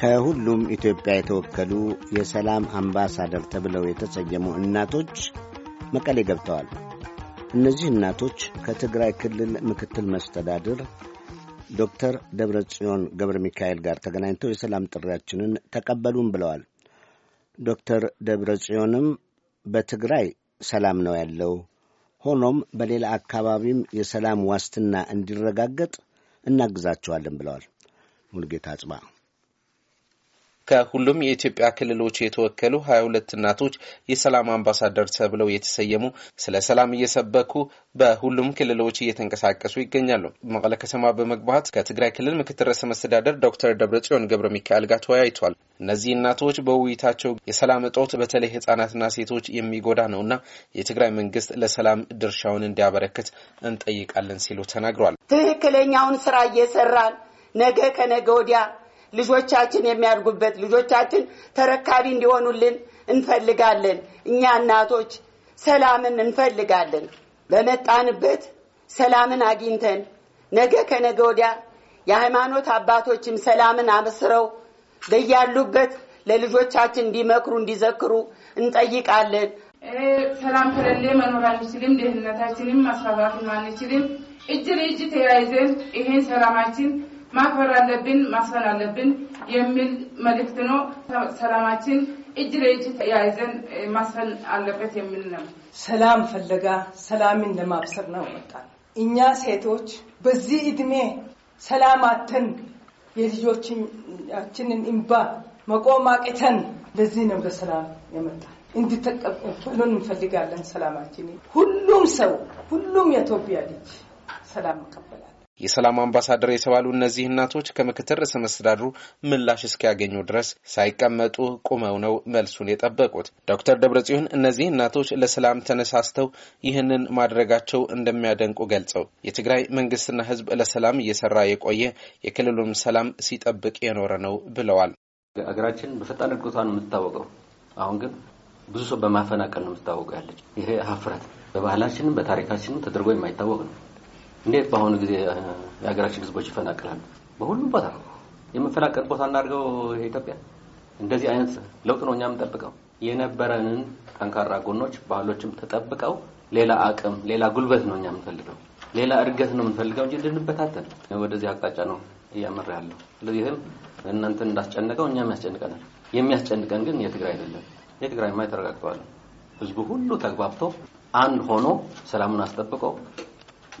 ከሁሉም ኢትዮጵያ የተወከሉ የሰላም አምባሳደር ተብለው የተሰየሙ እናቶች መቀሌ ገብተዋል። እነዚህ እናቶች ከትግራይ ክልል ምክትል መስተዳድር ዶክተር ደብረ ጽዮን ገብረ ሚካኤል ጋር ተገናኝተው የሰላም ጥሪያችንን ተቀበሉም ብለዋል። ዶክተር ደብረ ጽዮንም በትግራይ ሰላም ነው ያለው ሆኖም በሌላ አካባቢም የሰላም ዋስትና እንዲረጋገጥ እናግዛቸዋለን ብለዋል። ሙልጌታ አጽባ ከሁሉም የኢትዮጵያ ክልሎች የተወከሉ ሀያ ሁለት እናቶች የሰላም አምባሳደር ተብለው የተሰየሙ ስለ ሰላም እየሰበኩ በሁሉም ክልሎች እየተንቀሳቀሱ ይገኛሉ። መቀለ ከተማ በመግባት ከትግራይ ክልል ምክትል ርዕሰ መስተዳደር ዶክተር ደብረጽዮን ገብረ ሚካኤል ጋር ተወያይቷል። እነዚህ እናቶች በውይይታቸው የሰላም እጦት በተለይ ህጻናትና ሴቶች የሚጎዳ ነውና የትግራይ መንግስት ለሰላም ድርሻውን እንዲያበረክት እንጠይቃለን ሲሉ ተናግሯል። ትክክለኛውን ስራ እየሰራን ነገ ከነገ ወዲያ ልጆቻችን የሚያድጉበት ልጆቻችን ተረካቢ እንዲሆኑልን እንፈልጋለን። እኛ እናቶች ሰላምን እንፈልጋለን። በመጣንበት ሰላምን አግኝተን ነገ ከነገ ወዲያ የሃይማኖት አባቶችም ሰላምን አብስረው በያሉበት ለልጆቻችን እንዲመክሩ እንዲዘክሩ እንጠይቃለን። ሰላም ከሌለ መኖር አንችልም። ደህንነታችንም ማስፋፋት አንችልም። እጅ ለእጅ ተያይዘን ይሄን ሰላማችን ማክበር አለብን፣ ማስፈን አለብን የሚል መልእክት ነው። ሰላማችን እጅ ለእጅ ተያይዘን ማስፈን አለበት የሚል ነው። ሰላም ፈለጋ ሰላምን ለማብሰር ነው ወጣ። እኛ ሴቶች በዚህ እድሜ ሰላማትን የልጆችችንን እንባ መቆም አቅተን ለዚህ ነው በሰላም የመጣ እንድትቀበሉን እንፈልጋለን። ሰላማችን ሁሉም ሰው ሁሉም የኢትዮጵያ ልጅ ሰላም መቀበላል የሰላም አምባሳደር የተባሉ እነዚህ እናቶች ከምክትል ርዕሰ መስተዳድሩ ምላሽ እስኪያገኙ ድረስ ሳይቀመጡ ቁመው ነው መልሱን የጠበቁት። ዶክተር ደብረጽዮን እነዚህ እናቶች ለሰላም ተነሳስተው ይህንን ማድረጋቸው እንደሚያደንቁ ገልጸው የትግራይ መንግስትና ህዝብ ለሰላም እየሰራ የቆየ የክልሉም ሰላም ሲጠብቅ የኖረ ነው ብለዋል። ሀገራችን በፈጣን እድገቷ ነው የምትታወቀው። አሁን ግን ብዙ ሰው በማፈናቀል ነው የምትታወቀው ያለች። ይሄ ሀፍረት በባህላችንም በታሪካችንም ተደርጎ የማይታወቅ ነው። እንዴት በአሁኑ ጊዜ የሀገራችን ህዝቦች ይፈናቀላሉ? በሁሉም ቦታ ነው የምንፈናቀል ቦታ እናድርገው። ኢትዮጵያ እንደዚህ አይነት ለውጥ ነው እኛ የምንጠብቀው። የነበረንን ጠንካራ ጎኖች ባህሎችም ተጠብቀው ሌላ አቅም፣ ሌላ ጉልበት ነው እኛ የምንፈልገው፣ ሌላ እድገት ነው የምንፈልገው እንጂ እንድንበታተን ወደዚህ አቅጣጫ ነው እያመራ ያለው። ስለዚህም እናንተን እንዳስጨነቀው እኛም ያስጨንቀናል። የሚያስጨንቀን ግን የትግራይ አይደለም። የትግራይ ማ ተረጋግተዋል። ህዝቡ ሁሉ ተግባብቶ አንድ ሆኖ ሰላሙን አስጠብቆ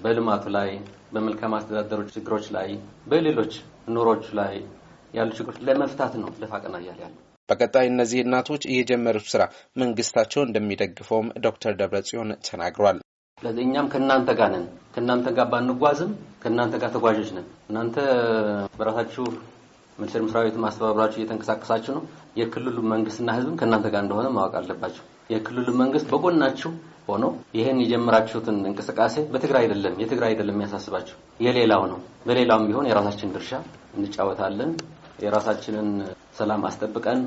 በልማቱ ላይ በመልካም አስተዳደሮች ችግሮች ላይ በሌሎች ኑሮች ላይ ያሉ ችግሮች ለመፍታት ነው ለፋቀና እያለ ያለ በቀጣይ እነዚህ እናቶች እየጀመሩት ስራ መንግስታቸው እንደሚደግፈውም ዶክተር ደብረጽዮን ተናግሯል። ስለዚህ እኛም ከእናንተ ጋር ነን። ከእናንተ ጋር ባንጓዝም ከእናንተ ጋር ተጓዦች ነን። እናንተ በራሳችሁ ሚኒስቴር መስሪያ ቤት ማስተባበራችሁ እየተንቀሳቀሳችሁ ነው። የክልሉ መንግስትና ህዝብም ከእናንተ ጋር እንደሆነ ማወቅ አለባቸው። የክልሉ መንግስት በጎናችሁ ሆኖ ይህን የጀመራችሁትን እንቅስቃሴ በትግራይ አይደለም የትግራይ አይደለም የሚያሳስባችሁ የሌላው ነው። በሌላውም ቢሆን የራሳችን ድርሻ እንጫወታለን። የራሳችንን ሰላም አስጠብቀን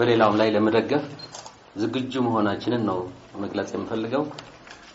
በሌላውም ላይ ለመደገፍ ዝግጁ መሆናችንን ነው መግለጽ የምፈልገው።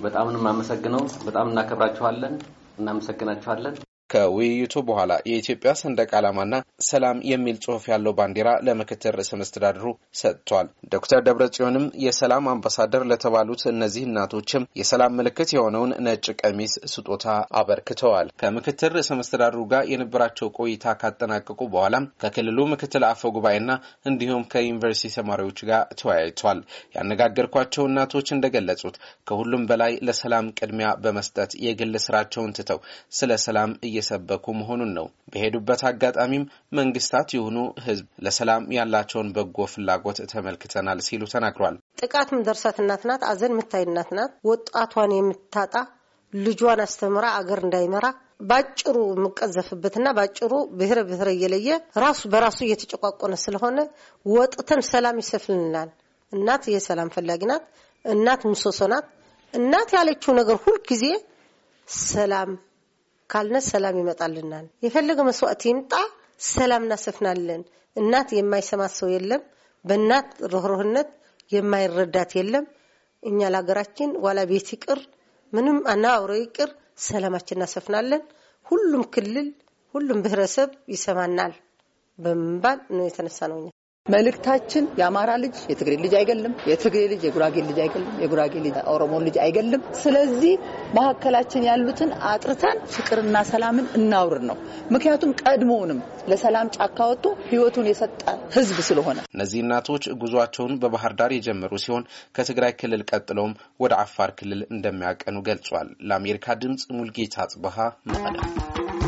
በጣም ነው የማመሰግነው። በጣም እናከብራችኋለን፣ እናመሰግናችኋለን። ከውይይቱ በኋላ የኢትዮጵያ ሰንደቅ ዓላማና ሰላም የሚል ጽሑፍ ያለው ባንዲራ ለምክትል ርዕሰ መስተዳድሩ ሰጥቷል። ዶክተር ደብረ ጽዮንም የሰላም አምባሳደር ለተባሉት እነዚህ እናቶችም የሰላም ምልክት የሆነውን ነጭ ቀሚስ ስጦታ አበርክተዋል። ከምክትል ርዕሰ መስተዳድሩ ጋር የነበራቸው ቆይታ ካጠናቀቁ በኋላም ከክልሉ ምክትል አፈ ጉባኤና እንዲሁም ከዩኒቨርሲቲ ተማሪዎች ጋር ተወያይቷል። ያነጋገርኳቸው እናቶች እንደገለጹት ከሁሉም በላይ ለሰላም ቅድሚያ በመስጠት የግል ስራቸውን ትተው ስለ ሰላም እየ እየሰበኩ መሆኑን ነው። በሄዱበት አጋጣሚም መንግስታት የሆኑ ህዝብ ለሰላም ያላቸውን በጎ ፍላጎት ተመልክተናል ሲሉ ተናግሯል። ጥቃት ምደርሳት እናት ናት፣ አዘን ምታይ እናት ናት። ወጣቷን የምታጣ ልጇን አስተምራ አገር እንዳይመራ ባጭሩ የምቀዘፍበትና ባጭሩ ብሔረ ብሔረ እየለየ ራሱ በራሱ እየተጨቋቆነ ስለሆነ ወጥተን ሰላም ይሰፍልናል። እናት የሰላም ፈላጊ ናት። እናት ምሰሶ ናት። እናት ያለችው ነገር ሁልጊዜ ሰላም ካልነት ሰላም ይመጣልናል። የፈለገ መስዋዕት ይምጣ፣ ሰላም እናሰፍናለን። እናት የማይሰማት ሰው የለም። በእናት ርኅሩህነት የማይረዳት የለም። እኛ ለሀገራችን ዋላ ቤት ይቅር ምንም አናብሮ ይቅር፣ ሰላማችን እናሰፍናለን። ሁሉም ክልል ሁሉም ብሔረሰብ ይሰማናል በምባል ነው የተነሳ ነው። መልእክታችን የአማራ ልጅ የትግሬ ልጅ አይገልም፣ የትግሬ ልጅ የጉራጌ ልጅ አይገልም፣ የጉራጌ ልጅ ኦሮሞ ልጅ አይገልም። ስለዚህ መካከላችን ያሉትን አጥርተን ፍቅርና ሰላምን እናውርን ነው። ምክንያቱም ቀድሞውንም ለሰላም ጫካ ወጥቶ ህይወቱን የሰጠ ህዝብ ስለሆነ እነዚህ እናቶች ጉዟቸውን በባህር ዳር የጀመሩ ሲሆን ከትግራይ ክልል ቀጥለውም ወደ አፋር ክልል እንደሚያቀኑ ገልጿል። ለአሜሪካ ድምፅ ሙልጌታ ጽበሃ መቀለም